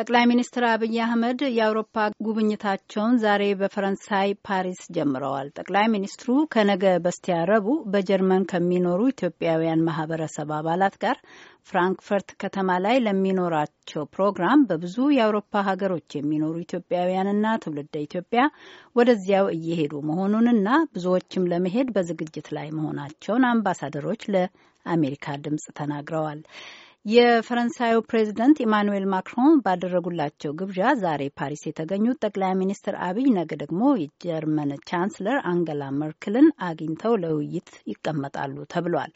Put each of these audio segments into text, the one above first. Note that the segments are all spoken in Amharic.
ጠቅላይ ሚኒስትር አብይ አህመድ የአውሮፓ ጉብኝታቸውን ዛሬ በፈረንሳይ ፓሪስ ጀምረዋል። ጠቅላይ ሚኒስትሩ ከነገ በስቲያ ረቡዕ በጀርመን ከሚኖሩ ኢትዮጵያውያን ማህበረሰብ አባላት ጋር ፍራንክፈርት ከተማ ላይ ለሚኖራቸው ፕሮግራም በብዙ የአውሮፓ ሀገሮች የሚኖሩ ኢትዮጵያውያንና ትውልደ ኢትዮጵያ ወደዚያው እየሄዱ መሆኑንና ብዙዎችም ለመሄድ በዝግጅት ላይ መሆናቸውን አምባሳደሮች ለአሜሪካ ድምጽ ተናግረዋል። የፈረንሳዩ ፕሬዝደንት ኢማኑዌል ማክሮን ባደረጉላቸው ግብዣ ዛሬ ፓሪስ የተገኙት ጠቅላይ ሚኒስትር አብይ ነገ ደግሞ የጀርመን ቻንስለር አንገላ መርክልን አግኝተው ለውይይት ይቀመጣሉ ተብሏል።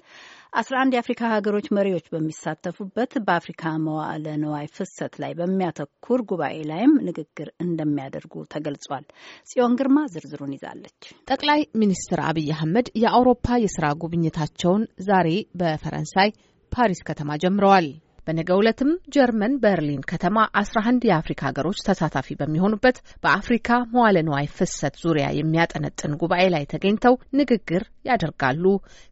አስራ አንድ የአፍሪካ ሀገሮች መሪዎች በሚሳተፉበት በአፍሪካ መዋዕለ ንዋይ ፍሰት ላይ በሚያተኩር ጉባኤ ላይም ንግግር እንደሚያደርጉ ተገልጿል። ጽዮን ግርማ ዝርዝሩን ይዛለች። ጠቅላይ ሚኒስትር አብይ አህመድ የአውሮፓ የስራ ጉብኝታቸውን ዛሬ በፈረንሳይ ፓሪስ ከተማ ጀምረዋል። በነገ ዕለትም ጀርመን በርሊን ከተማ አስራ አንድ የአፍሪካ ሀገሮች ተሳታፊ በሚሆኑበት በአፍሪካ መዋለ ንዋይ ፍሰት ዙሪያ የሚያጠነጥን ጉባኤ ላይ ተገኝተው ንግግር ያደርጋሉ።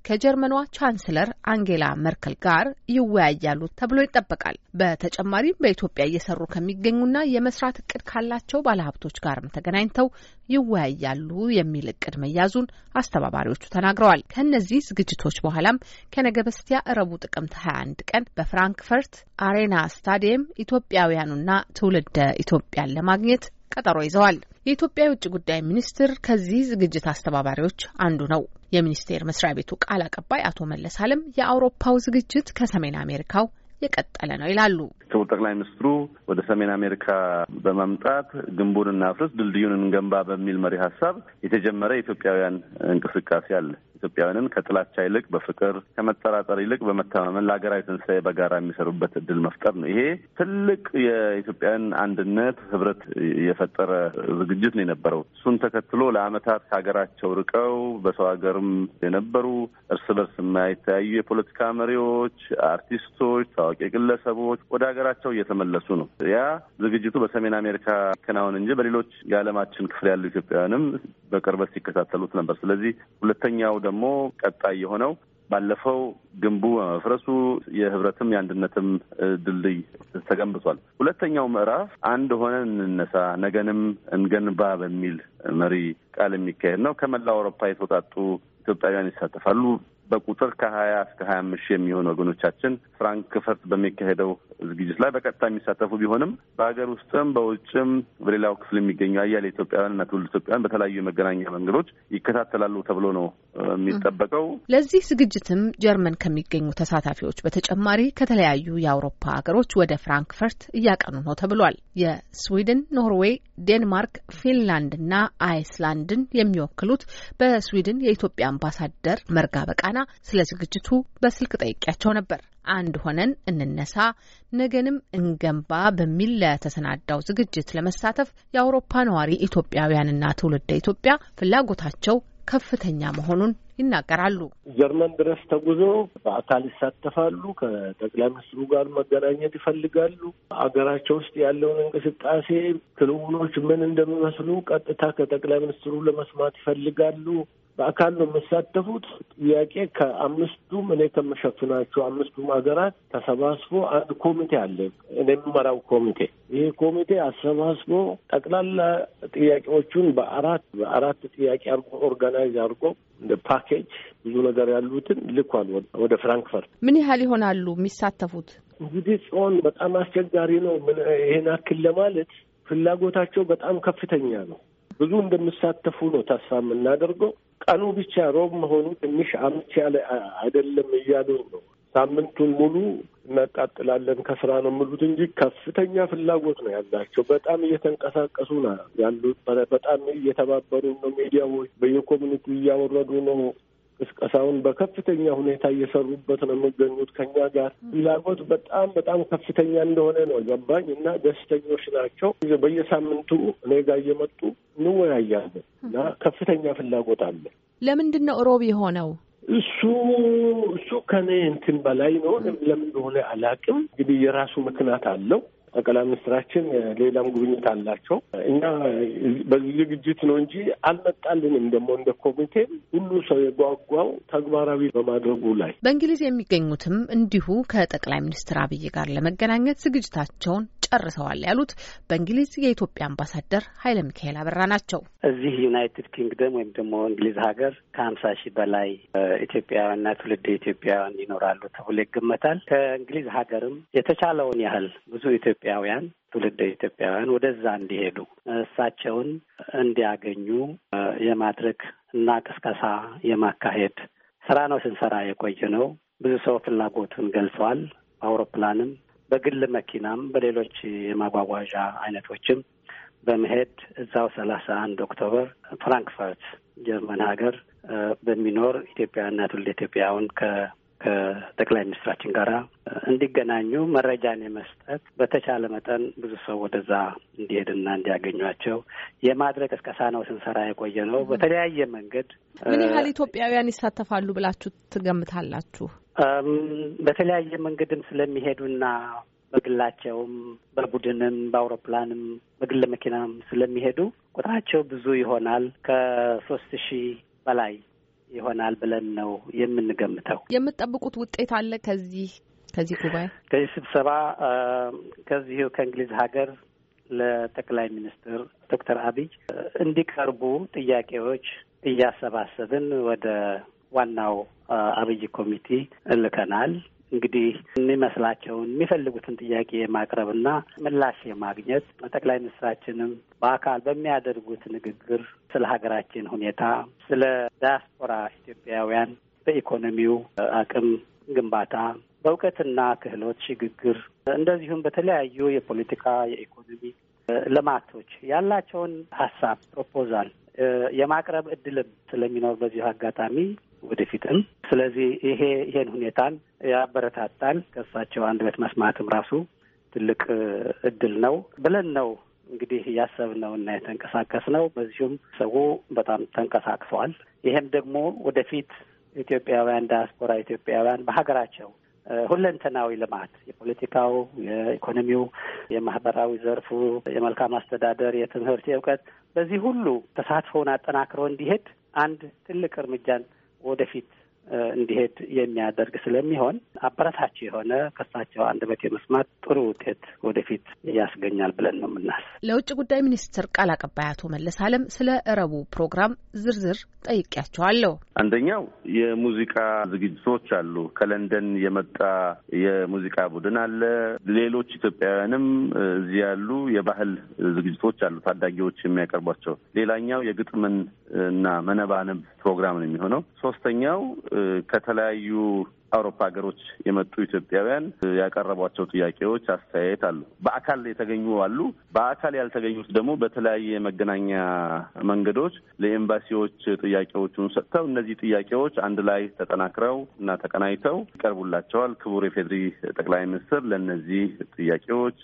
ከጀርመኗ ቻንስለር አንጌላ መርከል ጋር ይወያያሉ ተብሎ ይጠበቃል። በተጨማሪም በኢትዮጵያ እየሰሩ ከሚገኙና የመስራት እቅድ ካላቸው ባለሀብቶች ጋርም ተገናኝተው ይወያያሉ የሚል እቅድ መያዙን አስተባባሪዎቹ ተናግረዋል። ከእነዚህ ዝግጅቶች በኋላም ከነገ በስቲያ እረቡ ጥቅምት 21 ቀን በፍራንክፈር ኤምሬት አሬና ስታዲየም ኢትዮጵያውያኑና ትውልደ ኢትዮጵያን ለማግኘት ቀጠሮ ይዘዋል። የኢትዮጵያ የውጭ ጉዳይ ሚኒስትር ከዚህ ዝግጅት አስተባባሪዎች አንዱ ነው። የሚኒስቴር መስሪያ ቤቱ ቃል አቀባይ አቶ መለስ አለም የአውሮፓው ዝግጅት ከሰሜን አሜሪካው የቀጠለ ነው ይላሉ። ክቡር ጠቅላይ ሚኒስትሩ ወደ ሰሜን አሜሪካ በመምጣት ግንቡን እናፍርስ ድልድዩን እንገንባ በሚል መሪ ሀሳብ የተጀመረ የኢትዮጵያውያን እንቅስቃሴ አለ። ኢትዮጵያውያንን ከጥላቻ ይልቅ በፍቅር ከመጠራጠር ይልቅ በመተማመን ለሀገራዊ ትንሳኤ በጋራ የሚሰሩበት እድል መፍጠር ነው። ይሄ ትልቅ የኢትዮጵያን አንድነት ህብረት የፈጠረ ዝግጅት ነው የነበረው። እሱን ተከትሎ ለአመታት ከሀገራቸው ርቀው በሰው ሀገርም የነበሩ እርስ በርስ የማይተያዩ የፖለቲካ መሪዎች፣ አርቲስቶች፣ ታዋቂ ግለሰቦች ወደ ሀገራቸው እየተመለሱ ነው። ያ ዝግጅቱ በሰሜን አሜሪካ ይከናወን እንጂ በሌሎች የዓለማችን ክፍል ያሉ ኢትዮጵያውያንም በቅርበት ሲከታተሉት ነበር። ስለዚህ ሁለተኛው ደግሞ ቀጣይ የሆነው ባለፈው ግንቡ በመፍረሱ የህብረትም የአንድነትም ድልድይ ተገንብቷል። ሁለተኛው ምዕራፍ አንድ ሆነን እንነሳ፣ ነገንም እንገንባ በሚል መሪ ቃል የሚካሄድ ነው። ከመላው አውሮፓ የተውጣጡ ኢትዮጵያውያን ይሳተፋሉ። በቁጥር ከሀያ እስከ ሀያ አምስት ሺህ የሚሆኑ ወገኖቻችን ፍራንክፈርት በሚካሄደው ዝግጅት ላይ በቀጥታ የሚሳተፉ ቢሆንም በሀገር ውስጥም በውጭም በሌላው ክፍል የሚገኙ አያሌ ኢትዮጵያውያን እና ትውልድ ኢትዮጵያውያን በተለያዩ የመገናኛ መንገዶች ይከታተላሉ ተብሎ ነው የሚጠበቀው። ለዚህ ዝግጅትም ጀርመን ከሚገኙ ተሳታፊዎች በተጨማሪ ከተለያዩ የአውሮፓ ሀገሮች ወደ ፍራንክፈርት እያቀኑ ነው ተብሏል። የስዊድን፣ ኖርዌይ፣ ዴንማርክ፣ ፊንላንድ አይስላንድን የሚወክሉት በስዊድን የኢትዮጵያ አምባሳደር መርጋ በቃና ስለ ዝግጅቱ በስልክ ጠይቂያቸው ነበር። አንድ ሆነን እንነሳ፣ ነገንም እንገንባ በሚል ለተሰናዳው ዝግጅት ለመሳተፍ የአውሮፓ ነዋሪ ኢትዮጵያውያንና ትውልደ ኢትዮጵያ ፍላጎታቸው ከፍተኛ መሆኑን ይናገራሉ። ጀርመን ድረስ ተጉዞ በአካል ይሳተፋሉ። ከጠቅላይ ሚኒስትሩ ጋር መገናኘት ይፈልጋሉ። አገራቸው ውስጥ ያለውን እንቅስቃሴ ክልውኖች ምን እንደሚመስሉ ቀጥታ ከጠቅላይ ሚኒስትሩ ለመስማት ይፈልጋሉ። በአካል ነው የሚሳተፉት። ጥያቄ ከአምስቱም እኔ ከምሸፍናቸው አምስቱም ሀገራት ተሰባስቦ አንድ ኮሚቴ አለ፣ እኔ የምመራው ኮሚቴ። ይሄ ኮሚቴ አሰባስቦ ጠቅላላ ጥያቄዎቹን በአራት በአራት ጥያቄ ኦርጋናይዝ አድርጎ እንደ ፓክ ፓኬጅ ብዙ ነገር ያሉትን ልኳል ወደ ፍራንክፈርት። ምን ያህል ይሆናሉ የሚሳተፉት? እንግዲህ ጽዮን በጣም አስቸጋሪ ነው ይሄን አክል ለማለት ፍላጎታቸው በጣም ከፍተኛ ነው። ብዙ እንደሚሳተፉ ነው ተስፋ የምናደርገው። ቀኑ ብቻ ሮብ መሆኑ ትንሽ አምች አይደለም እያሉ ነው ሳምንቱን ሙሉ እናቃጥላለን ከስራ ነው የምሉት እንጂ ከፍተኛ ፍላጎት ነው ያላቸው። በጣም እየተንቀሳቀሱ ነው ያሉት። በጣም እየተባበሩ ነው። ሚዲያዎች በየኮሚኒቲ እያወረዱ ነው። ቅስቀሳውን በከፍተኛ ሁኔታ እየሰሩበት ነው የሚገኙት። ከኛ ጋር ፍላጎት በጣም በጣም ከፍተኛ እንደሆነ ነው ገባኝ እና ደስተኞች ናቸው። በየሳምንቱ እኔ ጋር እየመጡ እንወያያለን እና ከፍተኛ ፍላጎት አለ። ለምንድን ነው ሮብ የሆነው? እሱ እሱ ከኔ እንትን በላይ ነው። ለምን እንደሆነ አላውቅም። እንግዲህ የራሱ ምክንያት አለው። ጠቅላይ ሚኒስትራችን ሌላም ጉብኝት አላቸው። እኛ በዚህ ዝግጅት ነው እንጂ አልመጣልንም። ደግሞ እንደ ኮሚቴ ሁሉ ሰው የጓጓው ተግባራዊ በማድረጉ ላይ በእንግሊዝ የሚገኙትም እንዲሁ ከጠቅላይ ሚኒስትር አብይ ጋር ለመገናኘት ዝግጅታቸውን ጨርሰዋል ያሉት በእንግሊዝ የኢትዮጵያ አምባሳደር ኃይለ ሚካኤል አበራ ናቸው። እዚህ ዩናይትድ ኪንግደም ወይም ደግሞ እንግሊዝ ሀገር ከሀምሳ ሺህ በላይ ኢትዮጵያውያንና ትውልድ ኢትዮጵያውያን ይኖራሉ ተብሎ ይገመታል። ከእንግሊዝ ሀገርም የተቻለውን ያህል ብዙ ኢትዮጵያውያን ትውልደ ኢትዮጵያውያን ወደዛ እንዲሄዱ እሳቸውን እንዲያገኙ የማድረግ እና ቅስቀሳ የማካሄድ ስራ ነው ስንሰራ የቆየ ነው። ብዙ ሰው ፍላጎቱን ገልጸዋል። በአውሮፕላንም፣ በግል መኪናም፣ በሌሎች የማጓጓዣ አይነቶችም በመሄድ እዛው ሰላሳ አንድ ኦክቶበር ፍራንክፈርት ጀርመን ሀገር በሚኖር ኢትዮጵያውያንና ትውልድ ኢትዮጵያውን ከ ከጠቅላይ ሚኒስትራችን ጋር እንዲገናኙ መረጃን የመስጠት በተቻለ መጠን ብዙ ሰው ወደዛ እንዲሄድና እንዲያገኟቸው የማድረግ እስቀሳ ነው ስንሰራ የቆየ ነው። በተለያየ መንገድ ምን ያህል ኢትዮጵያውያን ይሳተፋሉ ብላችሁ ትገምታላችሁ? በተለያየ መንገድም ስለሚሄዱና በግላቸውም በቡድንም በአውሮፕላንም በግል መኪናም ስለሚሄዱ ቁጥራቸው ብዙ ይሆናል ከሶስት ሺህ በላይ ይሆናል ብለን ነው የምንገምተው። የምትጠብቁት ውጤት አለ ከዚህ ከዚህ ጉባኤ ከዚህ ስብሰባ ከዚሁ ከእንግሊዝ ሀገር ለጠቅላይ ሚኒስትር ዶክተር አብይ እንዲቀርቡ ጥያቄዎች እያሰባሰብን ወደ ዋናው አብይ ኮሚቴ እልከናል። እንግዲህ የሚመስላቸውን የሚፈልጉትን ጥያቄ የማቅረብና ምላሽ የማግኘት ጠቅላይ ሚኒስትራችንም በአካል በሚያደርጉት ንግግር ስለ ሀገራችን ሁኔታ፣ ስለ ዳያስፖራ ኢትዮጵያውያን በኢኮኖሚው አቅም ግንባታ በእውቀትና ክህሎት ሽግግር እንደዚሁም በተለያዩ የፖለቲካ የኢኮኖሚ ልማቶች ያላቸውን ሀሳብ ፕሮፖዛል የማቅረብ እድልም ስለሚኖር በዚሁ አጋጣሚ ወደፊትም። ስለዚህ ይሄ ይሄን ሁኔታን ያበረታታል። ከእሳቸው አንድ ቤት መስማትም ራሱ ትልቅ እድል ነው ብለን ነው እንግዲህ እያሰብነው እና የተንቀሳቀስ ነው። በዚሁም ሰው በጣም ተንቀሳቅሰዋል። ይህም ደግሞ ወደፊት ኢትዮጵያውያን ዲያስፖራ ኢትዮጵያውያን በሀገራቸው ሁለንተናዊ ልማት የፖለቲካው፣ የኢኮኖሚው፣ የማህበራዊ ዘርፉ፣ የመልካም አስተዳደር፣ የትምህርት፣ የእውቀት በዚህ ሁሉ ተሳትፎውን አጠናክሮ እንዲሄድ አንድ ትልቅ እርምጃን ወደፊት እንዲሄድ የሚያደርግ ስለሚሆን አበረታች የሆነ ከሳቸው አንደበት የመስማት ጥሩ ውጤት ወደፊት ያስገኛል ብለን ነው የምናስ ለውጭ ጉዳይ ሚኒስትር ቃል አቀባይ አቶ መለስ አለም ስለ እረቡ ፕሮግራም ዝርዝር ጠይቄያቸዋለሁ። አንደኛው የሙዚቃ ዝግጅቶች አሉ። ከለንደን የመጣ የሙዚቃ ቡድን አለ። ሌሎች ኢትዮጵያውያንም እዚህ ያሉ የባህል ዝግጅቶች አሉ፣ ታዳጊዎች የሚያቀርቧቸው። ሌላኛው የግጥምን እና መነባንብ ፕሮግራም ነው የሚሆነው። ሶስተኛው ከተለያዩ አውሮፓ ሀገሮች የመጡ ኢትዮጵያውያን ያቀረቧቸው ጥያቄዎች፣ አስተያየት አሉ። በአካል የተገኙ አሉ። በአካል ያልተገኙት ደግሞ በተለያየ የመገናኛ መንገዶች ለኤምባሲዎች ጥያቄዎቹን ሰጥተው እነዚህ ጥያቄዎች አንድ ላይ ተጠናክረው እና ተቀናይተው ይቀርቡላቸዋል። ክቡር የፌዴሪ ጠቅላይ ሚኒስትር ለእነዚህ ጥያቄዎች፣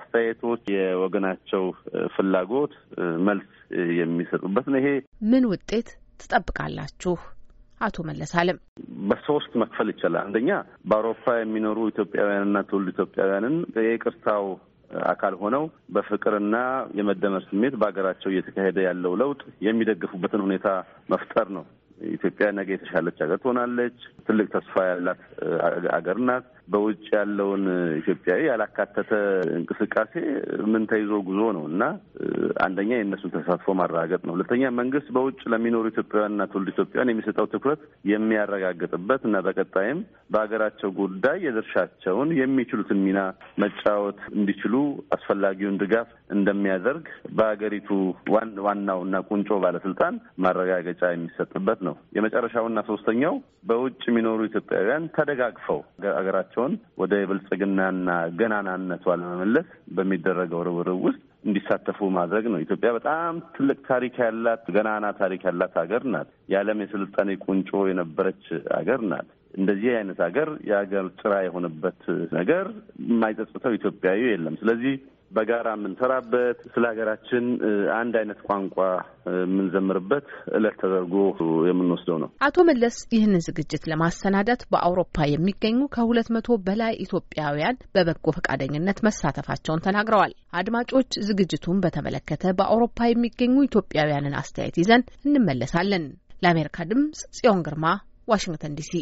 አስተያየቶች፣ የወገናቸው ፍላጎት መልስ የሚሰጡበት ነው። ይሄ ምን ውጤት ትጠብቃላችሁ? አቶ መለስ አለም በሶስት መክፈል ይቻላል። አንደኛ በአውሮፓ የሚኖሩ ኢትዮጵያውያንና ትውልድ ኢትዮጵያውያንን የቅርታው አካል ሆነው በፍቅርና የመደመር ስሜት በሀገራቸው እየተካሄደ ያለው ለውጥ የሚደግፉበትን ሁኔታ መፍጠር ነው። ኢትዮጵያ ነገ የተሻለች ሀገር ትሆናለች። ትልቅ ተስፋ ያላት አገር ናት። በውጭ ያለውን ኢትዮጵያዊ ያላካተተ እንቅስቃሴ ምን ተይዞ ጉዞ ነው እና አንደኛ የእነሱን ተሳትፎ ማረጋገጥ ነው። ሁለተኛ መንግስት በውጭ ለሚኖሩ ኢትዮጵያውያንና ትውልድ ኢትዮጵያውያን የሚሰጠው ትኩረት የሚያረጋግጥበት እና በቀጣይም በሀገራቸው ጉዳይ የድርሻቸውን የሚችሉትን ሚና መጫወት እንዲችሉ አስፈላጊውን ድጋፍ እንደሚያደርግ በሀገሪቱ ዋናው እና ቁንጮ ባለስልጣን ማረጋገጫ የሚሰጥበት ነው። የመጨረሻውና ሶስተኛው በውጭ የሚኖሩ ኢትዮጵያውያን ተደጋግፈው ሀገራቸው ሀገራቸውን ወደ የብልጽግናና ገናናነቷ ለመመለስ በሚደረገው ርብርብ ውስጥ እንዲሳተፉ ማድረግ ነው። ኢትዮጵያ በጣም ትልቅ ታሪክ ያላት ገናና ታሪክ ያላት ሀገር ናት። የዓለም የስልጣኔ ቁንጮ የነበረች ሀገር ናት። እንደዚህ አይነት ሀገር የሀገር ጭራ የሆነበት ነገር የማይጸጽተው ኢትዮጵያዊ የለም። ስለዚህ በጋራ የምንሰራበት ስለ ሀገራችን አንድ አይነት ቋንቋ የምንዘምርበት እለት ተደርጎ የምንወስደው ነው። አቶ መለስ ይህንን ዝግጅት ለማሰናዳት በአውሮፓ የሚገኙ ከሁለት መቶ በላይ ኢትዮጵያውያን በበጎ ፈቃደኝነት መሳተፋቸውን ተናግረዋል። አድማጮች ዝግጅቱን በተመለከተ በአውሮፓ የሚገኙ ኢትዮጵያውያንን አስተያየት ይዘን እንመለሳለን። ለአሜሪካ ድምጽ ጽዮን ግርማ ዋሽንግተን ዲሲ